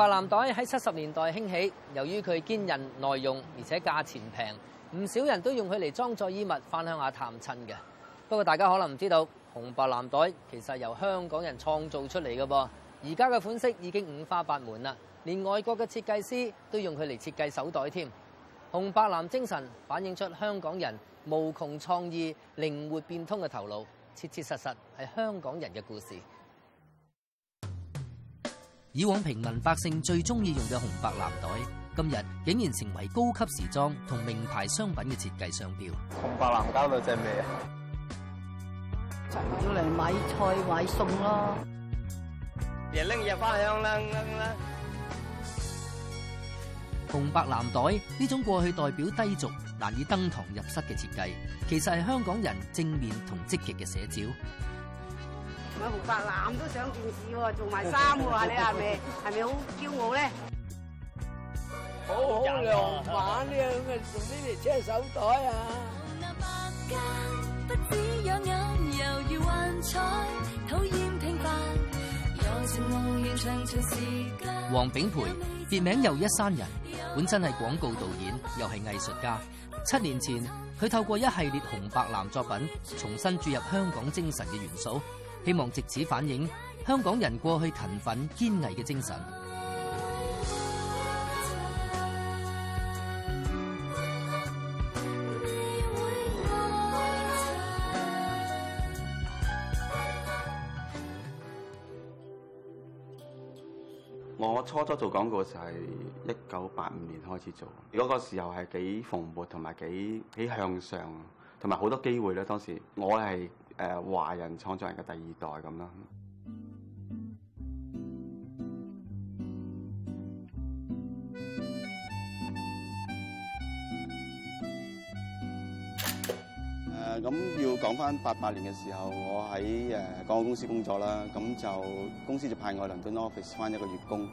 紅白藍袋喺七十年代興起，由於佢堅韌耐用，而且價錢平，唔少人都用佢嚟裝載衣物翻鄉下探親嘅。不過大家可能唔知道，紅白藍袋其實係由香港人創造出嚟嘅噃。而家嘅款式已經五花八門啦，連外國嘅設計師都用佢嚟設計手袋添。紅白藍精神反映出香港人無窮創意、靈活變通嘅頭腦，切切實實係香港人嘅故事。以往平民百姓最中意用嘅紅白藍袋，今日竟然成為高級時裝同名牌商品嘅設計商標。紅白藍搞到只咩啊？陳少良買菜買餸咯，人拎入花香啦啦啦。紅白藍袋呢種過去代表低俗、難以登堂入室嘅設計，其實係香港人正面同積極嘅寫照。紅白藍都上電視喎，做埋衫喎， 你係咪係咪好驕傲咧？好，好 涼樂。玩呢樣嘅，做呢你車手袋啊。白不只有幻彩，討厭平凡，黃炳培，別名又一山人，本身係廣告導演，又係藝術家。七年前，佢透過一系列紅白藍作品，重新注入香港精神嘅元素。希望借此反映香港人過去勤奮堅毅嘅精神。我初初做廣告嘅時候係一九八五年開始做，嗰個時候係幾蓬勃同埋幾幾向上，同埋好多機會咧。當時我係。誒、呃、華人創造人嘅第二代咁啦。誒咁、呃、要講翻八八年嘅時候，我喺誒廣告公司工作啦。咁就公司就派我去倫敦 office 翻一個月工。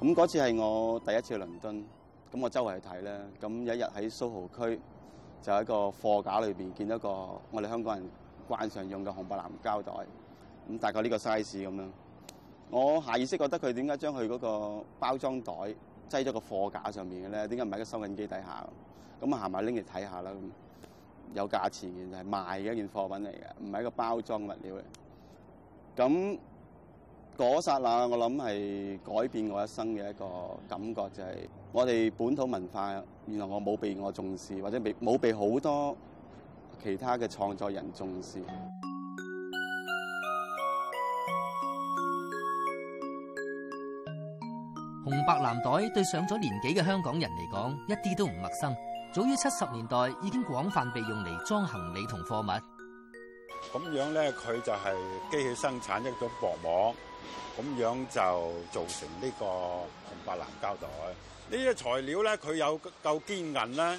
咁嗰次係我第一次去倫敦，咁我周圍去睇咧。咁有一日喺蘇豪區就喺個貨架裏邊見到個我哋香港人慣常用嘅紅白藍膠袋，咁大概呢個 size 咁樣。我下意識覺得佢點解將佢嗰個包裝袋擠咗個貨架上面嘅咧？點解唔喺個收銀機底下？咁行埋拎嚟睇下啦。有價錢嘅就係賣嘅一件貨品嚟嘅，唔係一個包裝物料嘅。咁嗰剎那，我諗係改變我一生嘅一個感覺，就係我哋本土文化原來我冇被我重視，或者冇被好多其他嘅創作人重視。紅白藍袋對上咗年紀嘅香港人嚟講，一啲都唔陌生。早於七十年代已經廣泛被用嚟裝行李同貨物。咁樣咧，佢就係機器生產一種薄膜，咁樣就造成呢個紅白藍膠袋。呢啲材料咧，佢有夠堅韌啦。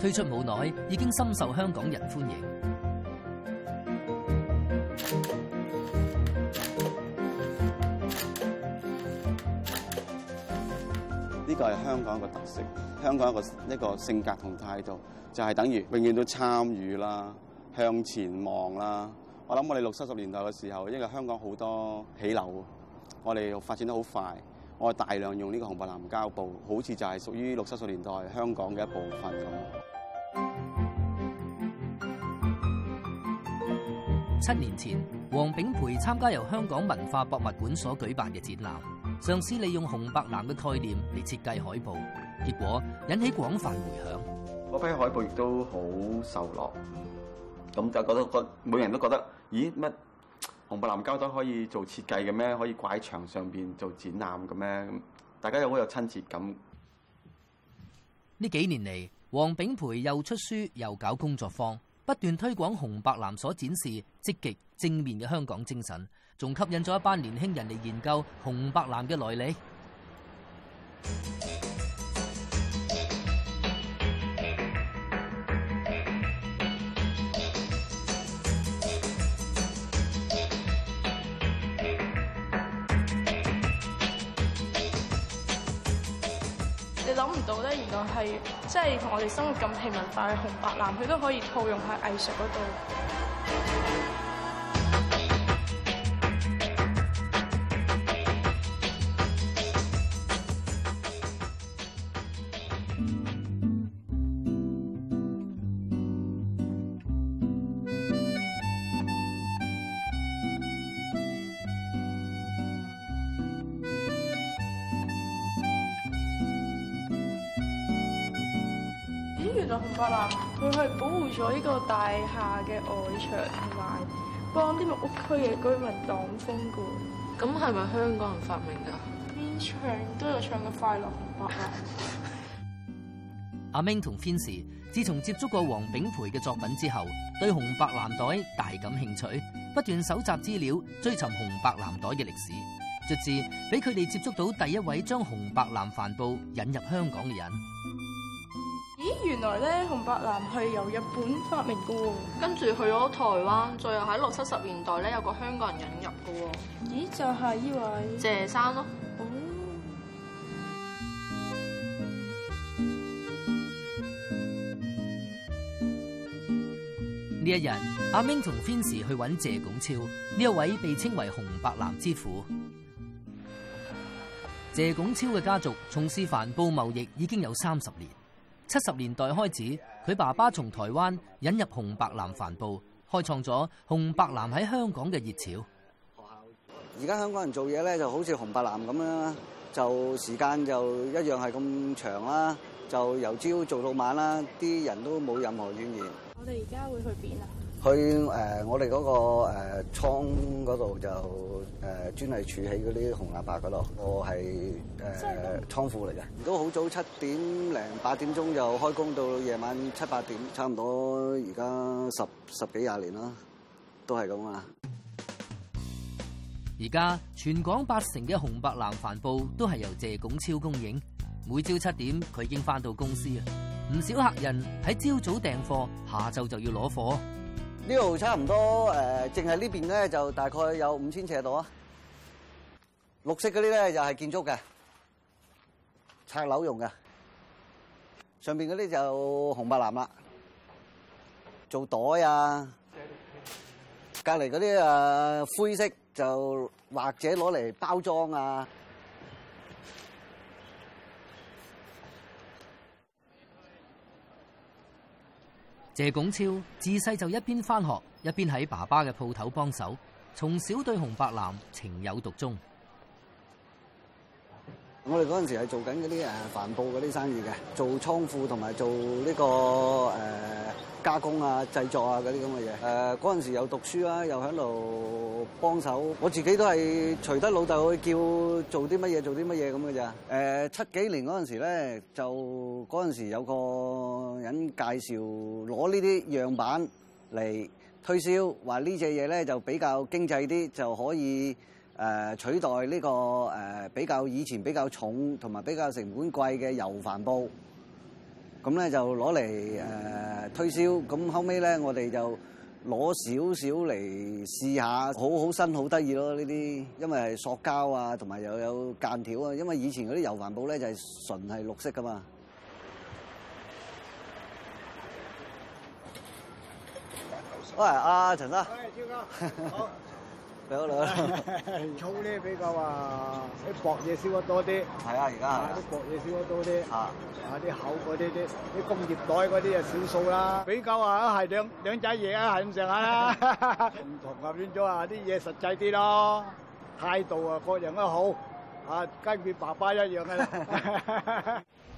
推出冇耐，已經深受香港人歡迎。呢個係香港一個特色，香港一個一個性格同態度，就係等於永遠都參與啦，向前望啦。我諗我哋六七十年代嘅時候，因為香港好多起樓，我哋發展得好快。我大量用呢個紅白藍膠布，好似就係屬於六七十年代香港嘅一部分咁。七年前，黃炳培參加由香港文化博物館所舉辦嘅展覽，嘗試利用紅白藍嘅概念嚟設計海報，結果引起廣泛迴響。嗰批海報亦都好受落，咁就覺得個每人都覺得，咦乜？紅白藍膠袋可以做設計嘅咩？可以掛喺牆上邊做展覽嘅咩？大家有好有親切感。呢幾年嚟，黃炳培又出書又搞工作坊，不斷推廣紅白藍所展示積極正面嘅香港精神，仲吸引咗一班年輕人嚟研究紅白藍嘅來歷。諗唔到呢，原來係即係同我哋生活咁平民化嘅紅白藍，佢都可以套用喺藝術嗰度。紅白藍，佢係保護咗呢個大廈嘅外牆，同埋幫啲木屋區嘅居民擋風嘅。咁係咪香港人發明噶？邊唱都有唱嘅快樂紅白藍。 阿明同 Fincy 自從接觸過黃炳培嘅作品之後，對紅白藍袋大感興趣，不斷搜集資料，追尋紅白藍袋嘅歷史。直至俾佢哋接觸到第一位將紅白藍帆布引入香港嘅人。咦，原來咧紅白藍係由日本發明嘅喎，跟住去咗台灣，最後喺六七十年代咧有個香港人引入嘅喎。咦，就係、是、呢位謝生咯。呢、哦、一日，阿明同 Vincy 去揾謝拱超，呢一位被稱為紅白藍之父。謝拱超嘅家族從事帆布貿易已經有三十年。七十年代開始，佢爸爸從台灣引入紅白藍帆布，開創咗紅白藍喺香港嘅熱潮。而家香港人做嘢咧，就好似紅白藍咁樣，就時間就一樣係咁長啦。就由朝做到晚啦，啲人都冇任何怨言。我哋而家會去邊啊？去誒、呃，我哋嗰、嗰個誒倉嗰度就誒專係儲起嗰啲紅白藍嗰度，我係誒倉庫嚟嘅。都好早，七點零八點鐘就開工到，到夜晚七八點，差唔多而家十十幾廿年啦，都係咁啊！而家全港八成嘅紅白藍帆布都係由謝拱超供應。每朝七點，佢已經返到公司啊！唔少客人喺朝早訂貨，下晝就要攞貨。這裡不、呃、這、呢度差唔多誒，淨係呢邊咧就大概有五千尺度啊。綠色嗰啲咧又係建築嘅，拆樓用嘅。上邊嗰啲就紅白藍啦，做袋啊。隔籬嗰啲誒灰色就或者攞嚟包裝啊。謝拱超自細就一邊返學，一邊喺爸爸嘅鋪頭幫手，從小對紅白藍情有獨鍾。我哋嗰陣時係做緊嗰啲誒帆布嗰啲生意嘅，做倉庫同埋做呢、這個誒、呃、加工啊、製作啊嗰啲咁嘅嘢。誒、嗰、呃、陣時又讀書啦、啊，又喺度幫手。我自己都係隨得老豆去叫做啲乜嘢，做啲乜嘢咁嘅咋。誒、呃，七幾年嗰陣時咧，就嗰陣時有個人介紹攞呢啲樣板嚟推銷，話呢隻嘢咧就比較經濟啲，就可以。取代呢個比較以前比較重同埋比較成本貴嘅油帆布，咁咧就攞嚟推銷。咁後尾咧，我哋就攞少少嚟試下，好好新，好得意咯呢啲，因為係塑膠啊，同埋又有間條啊。因為以前嗰啲油帆布咧就係純係綠色㗎嘛。喂，阿、啊、陳生。啦，粗咧 比較啊，啲薄嘢燒得多啲。係啊，而家啲薄嘢燒得多啲。啊，啊啲厚嗰啲啲，啲、啊、工業袋嗰啲啊少數啦。比較啊，係兩兩仔嘢啊，係咁上下啦。唔同啊，變咗啊，啲嘢實際啲咯，態度啊，各樣都好，啊，跟佢爸爸一樣噶啦。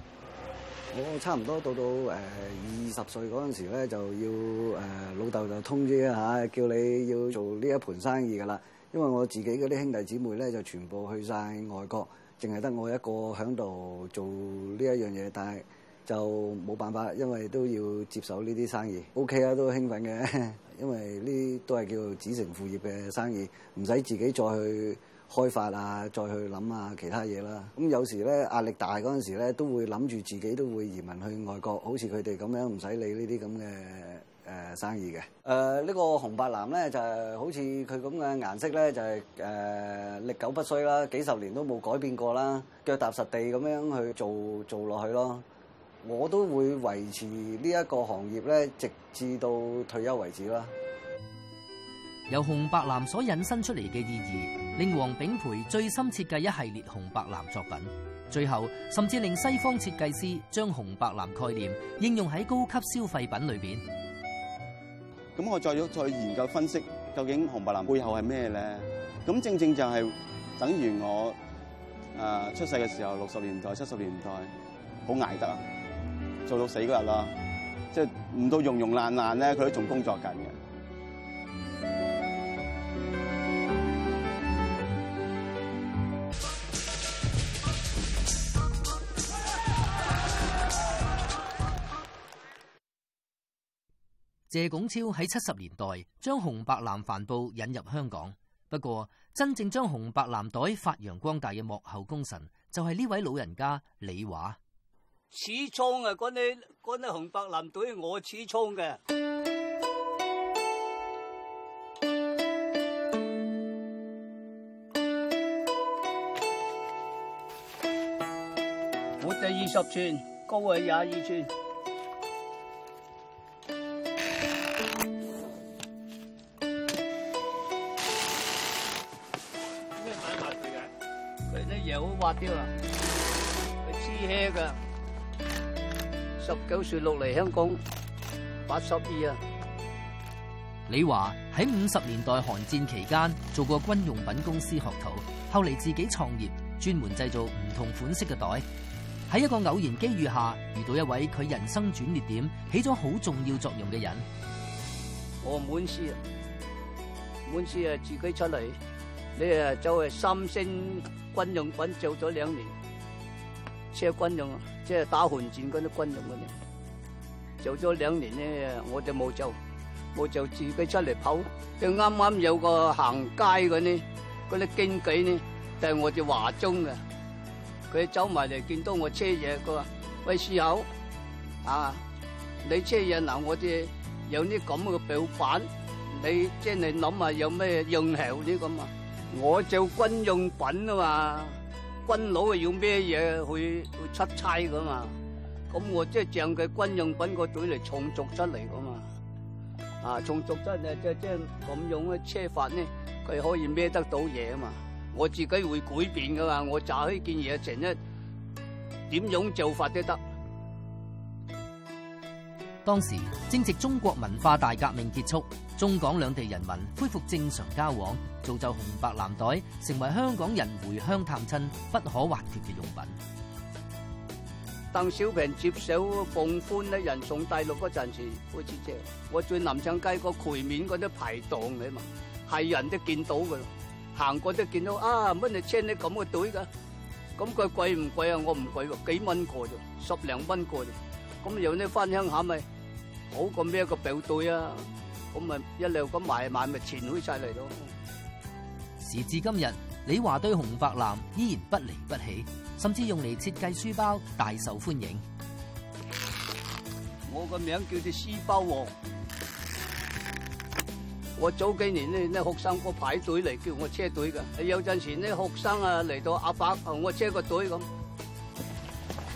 我差唔多到到二十歲嗰陣時咧，就要誒老豆就通知一下，叫你要做呢一盤生意噶啦。因為我自己嗰啲兄弟姊妹咧就全部去晒外國，淨係得我一個喺度做呢一樣嘢，但係就冇辦法，因為都要接受呢啲生意。OK 啊，都興奮嘅，因為呢都係叫子承父業嘅生意，唔使自己再去開發啊，再去諗下其他嘢啦。咁有時咧壓力大嗰陣時咧，都會諗住自己都會移民去外國，好似佢哋咁樣唔使理呢啲咁嘅誒生意嘅。誒呢個紅白藍咧就係好似佢咁嘅顏色咧就係誒歷久不衰啦，幾十年都冇改變過啦，腳踏實地咁樣去做做落去咯。我都會維持呢一個行業咧，直至到退休為止啦。由紅白藍所引申出嚟嘅意義，令黃炳培最深設計一系列紅白藍作品，最後甚至令西方設計師將紅白藍概念應用喺高級消費品裏邊。咁我再要再研究分析，究竟紅白藍背後係咩咧？咁正正就係等於我、呃、出世嘅時候六十年代七十年代好捱得啊，做到死嗰日啦，即係唔到溶溶爛爛咧，佢都仲工作緊嘅。謝拱超喺七十年代將紅白藍帆布引入香港，不過真正將紅白藍袋發揚光大嘅幕後功臣就係呢位老人家李華。始創啊，嗰啲嗰啲紅白藍袋我始創嘅，闊就二十寸，高係廿二寸。八雕啊，佢黐靴噶，十九歲落嚟香港，八十二啊。李華喺五十年代韓戰期間做過軍用品公司學徒，後嚟自己創業，專門製造唔同款式嘅袋。喺一個偶然機遇下，遇到一位佢人生轉捩點，起咗好重要作用嘅人。我滿師，滿師啊！自己出嚟，你啊就係三星。軍用品做咗兩年，車軍用啊，即係打寒戰嗰啲軍用嘅咧，做咗兩年咧，我就冇做，我就自己出嚟跑。咁啱啱有個行街嘅咧，嗰啲經紀咧，就係我哋華中嘅，佢走埋嚟見到我車嘢，佢話：喂，師傅，啊，你車嘢嗱，我哋有啲咁嘅表板，你即係你諗下有咩用頭啲咁啊？我做軍用品啊嘛，軍佬啊要咩嘢去去出差噶嘛，咁我即係將佢軍用品個嘴嚟創作出嚟噶嘛，啊創作出嚟即即係咁樣嘅車法咧，佢可以孭得到嘢啊嘛，我自己會改變噶嘛，我揸開件嘢成日點樣做法都得。當時正值中國文化大革命結束，中港兩地人民恢復正常交往，造就紅白藍袋成為香港人回鄉探親不可或缺嘅用品。鄧小平接手奉歡呢人送大陸嗰陣時，好似就我最南昌街個渠面嗰啲排檔嚟嘛，係人都見到噶，行過都見到啊，乜你車啲咁嘅袋噶，咁佢貴唔貴啊？你你這樣的貴，貴我唔貴喎，幾蚊個啫，十零蚊個啫，咁有啲翻鄉下咪。好過咩個表隊啊，咁咪一路咁買買，咪錢去晒嚟咯。時至今日，李華對紅白藍依然不離不棄，甚至用嚟設計書包大受歡迎。我個名叫做書包王。我早幾年呢，呢學生個排隊嚟叫我車隊嘅，有陣時呢學生啊嚟到阿伯同我車個隊咁。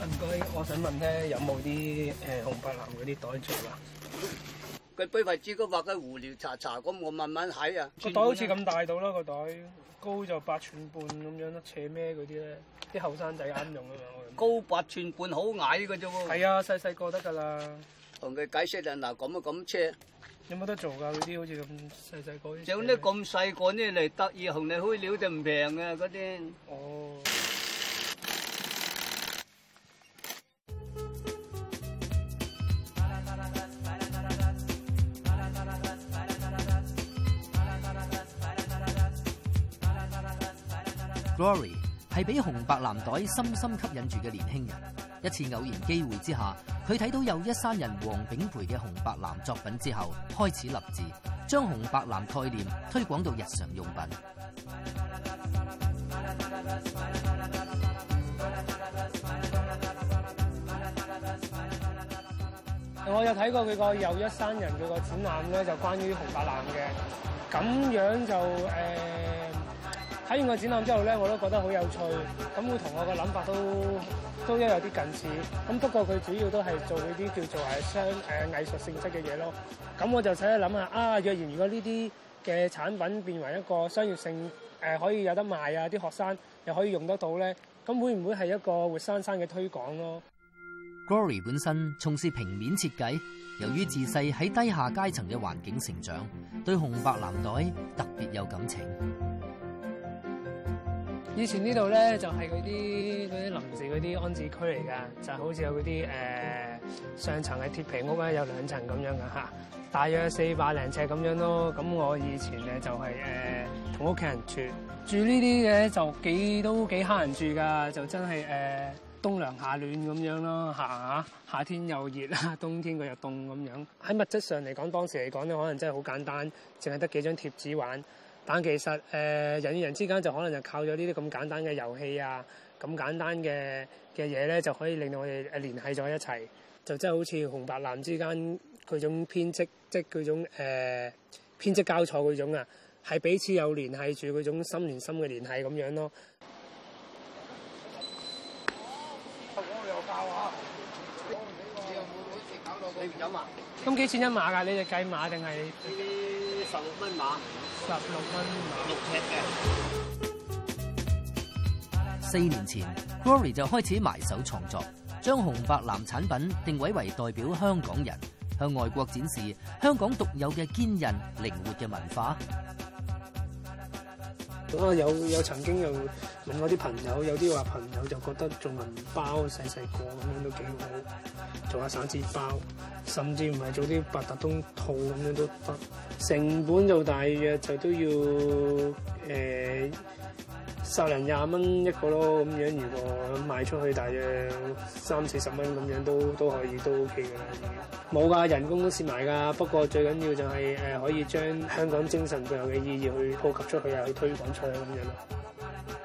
唔該，我想問咧，有冇啲誒紅白藍嗰啲袋做啊？佢杯為朱古力嘅胡聊查查咁，我慢慢睇啊。個袋好似咁大到啦，個袋高就八寸半咁樣咯，斜孭嗰啲咧，啲後生仔啱用啊嘛。高八寸半好矮嘅啫喎。係啊，細細個得㗎啦。同佢解釋啦，嗱咁啊咁車，有冇得做㗎？嗰啲好似咁細細個。有啲咁細個咧嚟得意同你開料就唔平嘅嗰啲。哦。Oh. Glory 係俾紅白藍袋深深吸引住嘅年輕人，一次偶然機會之下，佢睇到又一山人黃炳培嘅紅白藍作品之後，開始立志將紅白藍概念推廣到日常用品。我有睇過佢個又一山人佢個展覽咧，就關於紅白藍嘅，咁樣就誒。呃睇完個展覽之後咧，我都覺得好有趣，咁會同我個諗法都都都有啲近似。咁不過佢主要都係做嗰啲叫做係商誒藝術性質嘅嘢咯。咁我就使一諗下啊，若然如果呢啲嘅產品變為一個商業性誒、呃、可以有得賣啊，啲學生又可以用得到咧，咁會唔會係一個活生生嘅推廣咯？Glory 本身從事平面設計，由於自細喺低下階層嘅環境成長，對紅白藍袋特別有感情。以前呢度咧就係嗰啲嗰啲臨時嗰啲安置區嚟噶，就好似有嗰啲、呃、上層嘅鐵皮屋咧，有兩層咁樣噶吓，大約四百零尺咁樣咯。咁我以前咧就係同屋企人住住呢啲嘢，就幾都幾慳人住噶，就真係、呃、冬涼夏暖咁樣咯吓。夏，夏天又熱啦，冬天佢又凍咁樣。喺物質上嚟講，當時嚟講咧，可能真係好簡單，淨係得幾張貼紙玩。但其實、呃、人與人之間就可能就靠咗呢啲咁簡單嘅遊戲啊，咁簡單嘅嘅嘢咧，就可以令到我哋誒聯繫咗一齊，就真係好似紅白藍之間嗰種編織，即係嗰種誒、呃、編織交錯嗰種啊，係彼此有聯繫住嗰種心連心嘅聯繫咁樣咯、啊。咁幾錢一碼㗎？你哋計碼定係？十六分碼，十六分碼六尺。四年前，Rory 就開始埋手創作，將紅白藍產品定位為代表香港人，向外國展示香港獨有嘅堅韌、靈活嘅文化。啊！有有曾經又問我啲朋友，有啲話朋友就覺得做銀包細細個咁樣都幾好，做下散紙包，甚至唔係做啲八達通套咁樣都得，成本就大約就都要、呃二十零廿蚊一個咯，咁樣如果賣出去大約三四十蚊咁樣都都可以都 OK 嘅啦。冇噶，人工都蝕埋噶，不過最緊要就係、是、誒、呃、可以將香港精神背後嘅意義去普及出去啊，去推廣出去咁樣咯。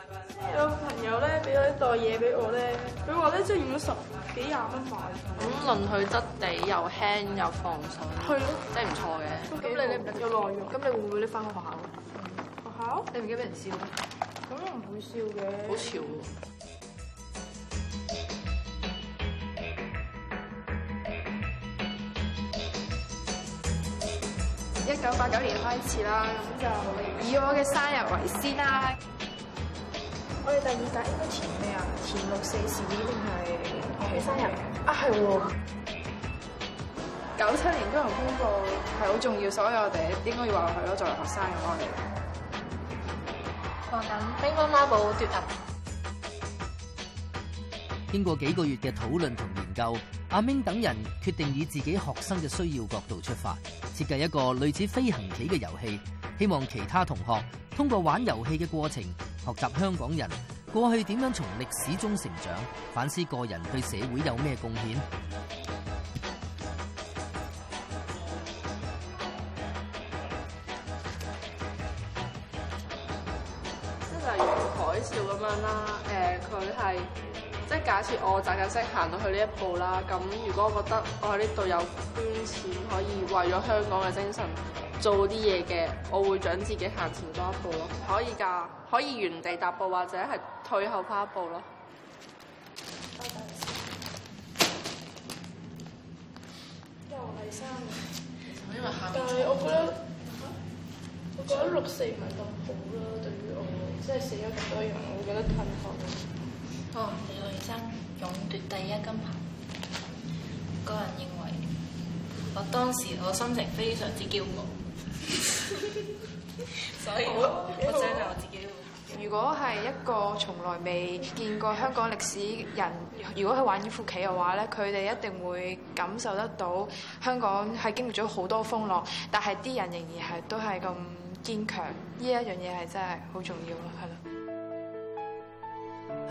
有朋友咧俾咗一袋嘢俾我咧，佢話咧即用咗十幾廿蚊買。咁論去質地又輕又防水，係咯了，真係唔錯嘅。咁你你唔得咗內容？咁你會唔會拎翻去學校啊？學校？你唔驚俾人笑咩？咁都唔會笑嘅。好潮。一九八九年開始啦，咁就以我嘅生日為先啦。我哋第二格應該填咩啊？填六四事件定係我嘅生日？啊，係喎。九七年高考公佈係好重要，所以我哋應該要話佢咯，作為學生嘅我哋。放緊《兵荒馬亂》奪銀。經過幾個月嘅討論同研究，阿明等人決定以自己學生嘅需要角度出發，設計一個類似飛行棋嘅遊戲，希望其他同學通過玩遊戲嘅過程，學習香港人過去點樣從歷史中成長，反思個人對社會有咩貢獻。假設我賺緊識行到去呢一步啦，咁如果我覺得我喺呢度有捐錢可以為咗香港嘅精神做啲嘢嘅，我會想自己行前多一步咯。可以㗎，可以原地踏步或者係退後翻一步咯。又係拜但係我覺得我覺得六四唔係咁好，對於我，係、即係、死咗多人，我覺得痛哭。哦爭勇奪第一金牌，個人認為，我當時我心情非常之驕傲， 所以我，我，的我真係我自己如果係一個從來未見過香港歷史人， 如果去玩呢副棋嘅話咧，佢哋一定會感受得到香港係經歷咗好多風浪，但係啲人仍然係都係咁堅強，呢一樣嘢係真係好重要咯，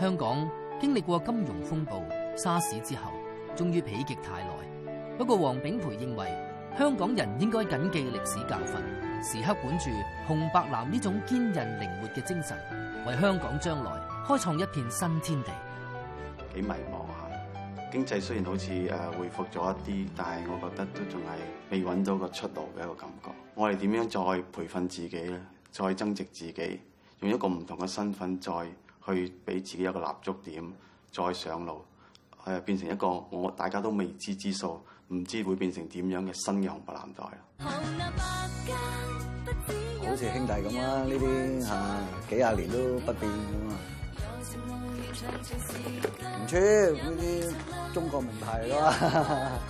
係咯。香港。經歷過金融風暴、沙士之後，終於疲極太耐。不過，黃炳培認為香港人應該謹記歷史教訓，時刻管住紅白藍呢種堅韌靈活嘅精神，為香港將來開創一片新天地。幾迷茫呀，經濟雖然好似誒恢復咗一啲，但係我覺得都仲係未揾到個出路嘅一個感覺。我哋點樣再培訓自己咧？再增值自己，用一個唔同嘅身份再。去俾自己一個立足點，再上路，誒、呃、變成一個我大家都未知之數，唔知會變成點樣嘅新嘅紅白藍袋啊！好似兄弟咁啦，呢啲嚇幾廿年都不變咁啊！唔錯，嗯，呢啲中國名牌咯。哈哈，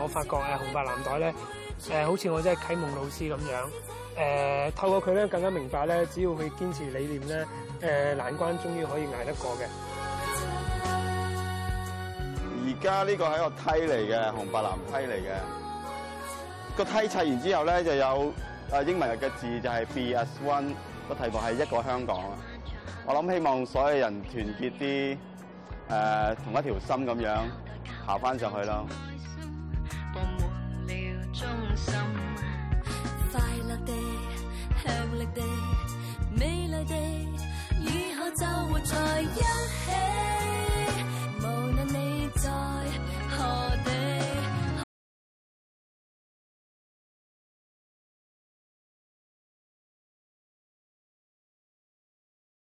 我發覺誒紅白藍袋咧，誒好似我真係啟蒙老師咁樣。誒，透過佢咧更加明白咧，只要佢堅持理念咧，誒，難關終於可以捱得過嘅。而家呢個係一個梯嚟嘅，紅白藍梯嚟嘅。個梯砌完之後咧，就有誒英文嘅字就係 B S One，個題目係一個香港。我諗希望所有人團結啲，誒、呃，同一條心咁樣行翻上去咯。就活在一